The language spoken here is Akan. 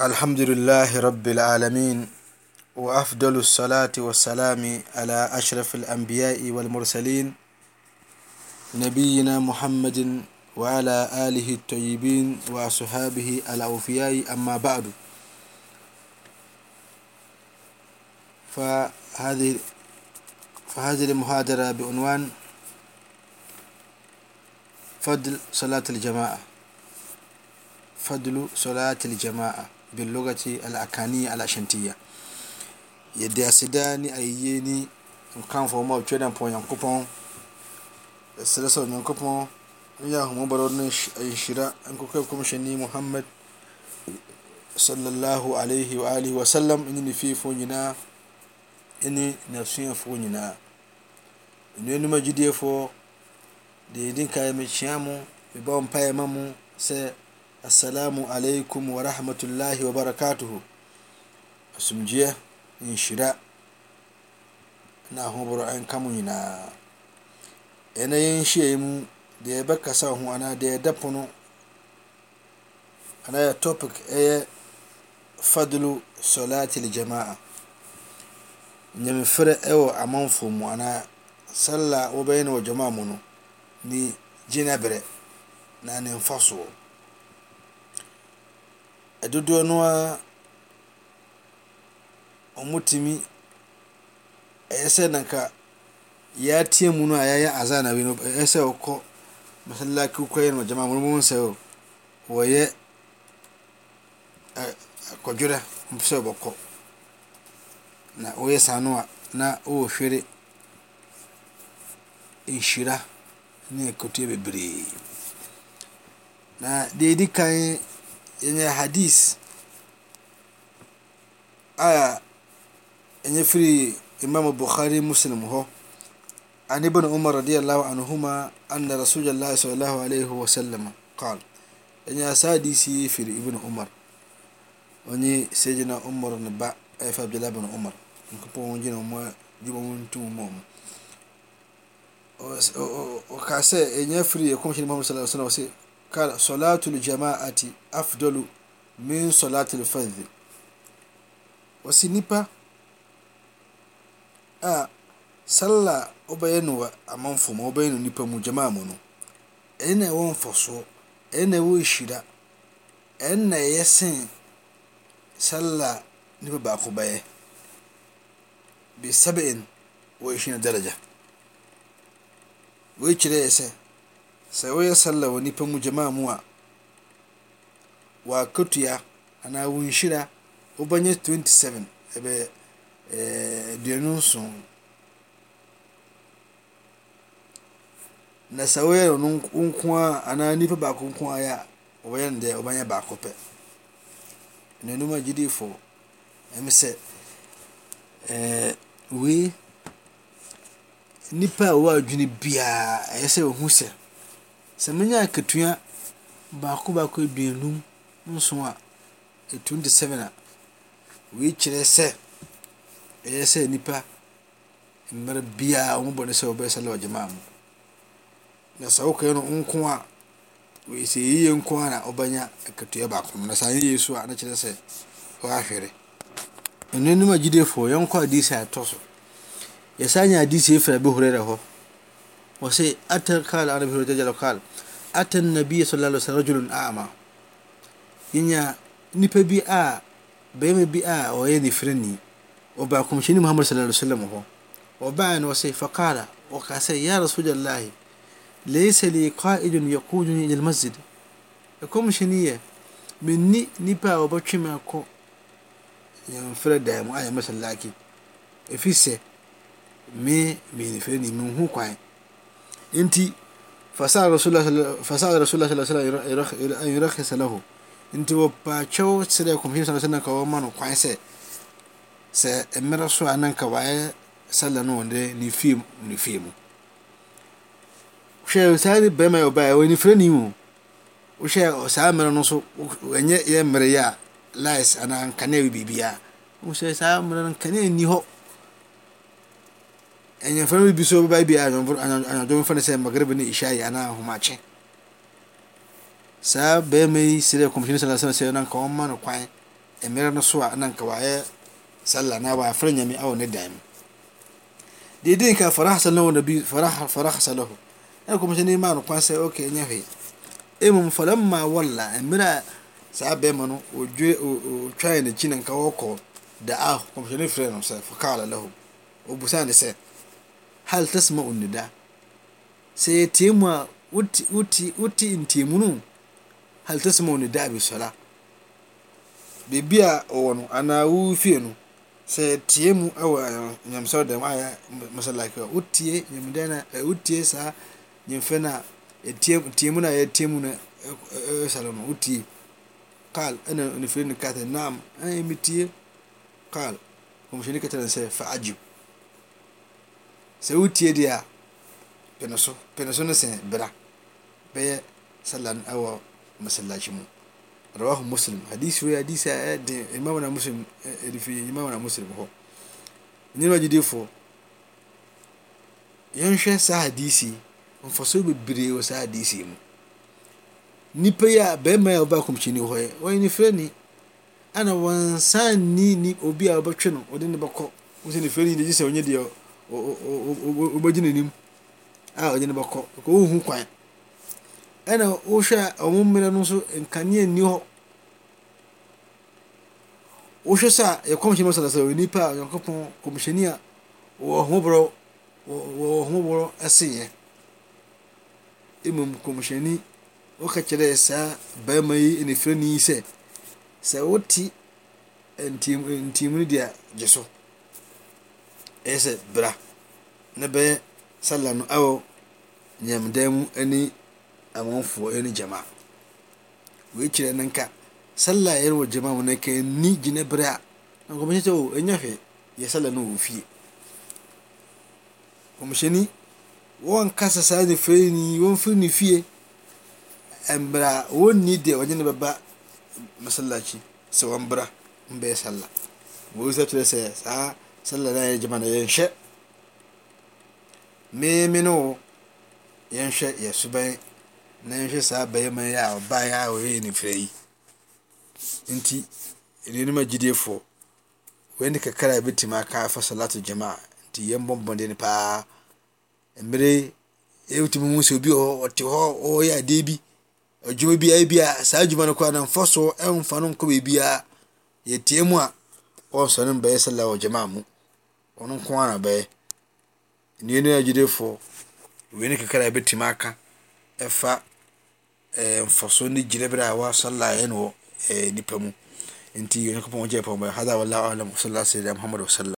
الحمد لله رب العالمين وأفضل الصلاة والسلام على أشرف الأنبياء والمرسلين نبينا محمد وعلى آله الطيبين وأصحابه الأوفياء أما بعد فهذه فهذه المحاضرة بعنوان فضل صلاة الجماعة فضل صلاة الجماعة boclkani alashentia yede asida ni ayeni ka foma cdapnyakupɔ aserasayakupaŋ nyafumubanshira nkkakumsheni muhamad salllh lai wlih wasallam enfie fu yinaa ne nasua fu yinaa nunuma gidie fo dedinka mesia mu ibaampaama mu sɛ assalamu alaikum wa rahmatullahi wa barakatuhu jiya in shira na hubur an kamu na yanayin mu da ya baka sa hu ana da ya dafunu ana ya topic ya fadlu salatil jama'a ewa a manfo mu ana sallah wa bayin wa jama'a mu ni jinabire na ne faso adodoɔ no a ɔmotumi ɛyɛ sɛ nanka yɛatia mu no a yɛyɛ asa naɛɛsɛ wɔkɔ msɛlakekra yɛngama amouu sɛ o wɔyɛ kɔdwora mpsɛ wɔbɔkɔ na woyɛ sa no a na wɔwɔ hwere nhira ne ɛkotua bebree deɛdi ka yɛnyɛ hadis a ɛnyɛ firi imam bukhari muslim hɔ عن ابن عمر رضي الله عنهما أن رسول الله صلى الله عليه وسلم قال إن أسادي سي في ابن عمر وني سيدنا عمر نبا أف عبد الله بن عمر نكبو ونجينا ما جيبو ونتو مم وكاسة إن يفري يكون شيء محمد صلى الله عليه وسلم قال صلاة الجماعة أفضل من صلاة الفرد wasi nipa a salla ɔbɛyɛ no wɔ amanfo ma ɔbɛyɛ no nipa mu gyamaa mu no ɛyɛ na ɛwɔ mfɔsoɔ ɛyɛ na ɛwɔ nhyira ɛyɛ na ɛyɛ sen salla nipa baako bɛyɛ bi sɛbɛn wɔ nhyira daraja wɔn akyerɛ yɛ sɛ sɛ woyɛ salla wo nipa mu gjamaa mu a woakatua anaa wonhyira wobɛnyɛ 27 eh, b adununso na sɛ woyɛno anaa nipa baako nko a yɛ a wobɛyɛ ne de wobɛnya baakɔ pɛ nuanomgedifo m sɛ eh, wei nipa a wowɔ adweni biaa ɛyɛ sɛ wohu sɛ Sɛ menya akatua baako baako aduonum nson a ɛyɛ twenty seven a wei kyerɛ sɛ ɛyɛ sɛ nnipa mmerɛ biara wɔn bɔne sɛ sɛ wɔ gyamaa mu. Na sɛ wokɔyɛ no nko a wei sɛ yɛyɛ nko a na wobɛnya akatua baako no. Na sɛ anyɛ yie so a na kyerɛ sɛ woahwere. Anuanom agyidifoɔ yɛnkɔ adesii a ɛtɔ so. Yɛsan nya adesii bi Abu Huraira hɔ. وسي أتى قال أنا بن دجال قال أتى النبي صلى الله عليه وسلم رجل أعمى ينيا نيبا بي آ بيما بي آ ويني فرني وباكم شيني محمد صلى الله عليه وسلم هو وبعن وسي فقال وقاسي يا رسول الله ليس لي قائد يقودني إلى المسجد يقوم شنية من ني مني نيبا وبتشي ماكو yɛmfrɛ dan mu a yɛmɛsɛ في سي مي me فرني من هو قائد nti asa asu nurakisalah ntiupac skawamanksɛ se mersunaka wa salane sabeabanfrani samirns ymera kanebibiasakannio yafbiso mara sh ci sabemscomsiman ka m su a misnes hal tasma nida sɛytiamua ti ntiamu nu hal tasma uni dabesɔla bebia wɔnu ana wu fienu sɛytimu amsɛdsɛlanɛtiɛlt nfnkana mti kaal komsenkataran ɛ aib sɛ wotie deɛ a pene so pene so no sɛn bra bɛyɛ sala no ɛwɔ masallaci mu rawahu muslim hadisi wei hadisi a ɛden imam na muslim ɛrifi imam na muslim hɔ ne no agyidifoɔ yɛnhwɛ saa hadisi mfasoɔ bebree wɔ saa hadisi mu nipa yi a bɛrima yi a ɔba kɔmkyini hɔ yɛ wɔyɛ ne fɛ ni ɛna wɔn nsa ni ni obi a ɔbɛtwe no ɔde ne bɛkɔ wɔsɛ ne fɛ ni de gyi sɛ ɔnyɛ deɛ wgyinni ɔyne kɔ wohu kan na woɛ ms kaneni h wohɛ sɛ ɛkhni ssnip oyakopɔ koaniɔ seɛ mo komsɛni waka kyrɛ saa bamayi nfanesɛ sɛ wote ntimun dea geso ɛyɛ sɛ bra ne bɛyɛ sallah no ɛwɔ nyamdan mu ɛne amanfoɔ ɛne gyama wei kyerɛ ne nka sallah yɛrɛ wɔ gyama mu ne ka ni gyina berɛ a na nkɔmhyɛ sɛ o oh, ɛnyɛ hwɛ yɛ sallah no wɔ fie kɔmhyɛni wɔnkasa saa ne fɛ ni wɔmfiri ne fie mbra wɔnni deɛ ɔnye ne bɛba masallaci sɛ wɔmbra mbɛyɛ sallah wɔsi kyerɛ sɛ saa sɛlɛla yɛ gyima na yɛnhyɛ meemi no yɛnhwɛ yɛ suban na yɛnhwɛ saa bɛrima yi a e ɔbaa yi a ɔyɛ nifira yi nti anuanom agyidiefoɔ wɔn ani kakra a ɛbɛtumi aka afa salato gyama a nti yɛn bɔ mbɔnden paa mmere yɛbɛtumi hu sɛ obi wɔ hɔ ɔte hɔ ɔyɛ adeɛ bi adwuma bi ayɛ bi a saa adwuma no koraa na mfa so ɛmfa no nkɔ baabiara yɛtie mu a ɔnsɔre mbɛyɛ sɛ gyama mu ono ko aa bɛɛ niane agide fo weini kakra bɛtimi aka ɛfa eh, mfo so ne gyere berɛ awa saela yɛno w eh, nipa mu nti nyakopɔ wkypɛ hasa walahu alam wasalasa muhamad wasalam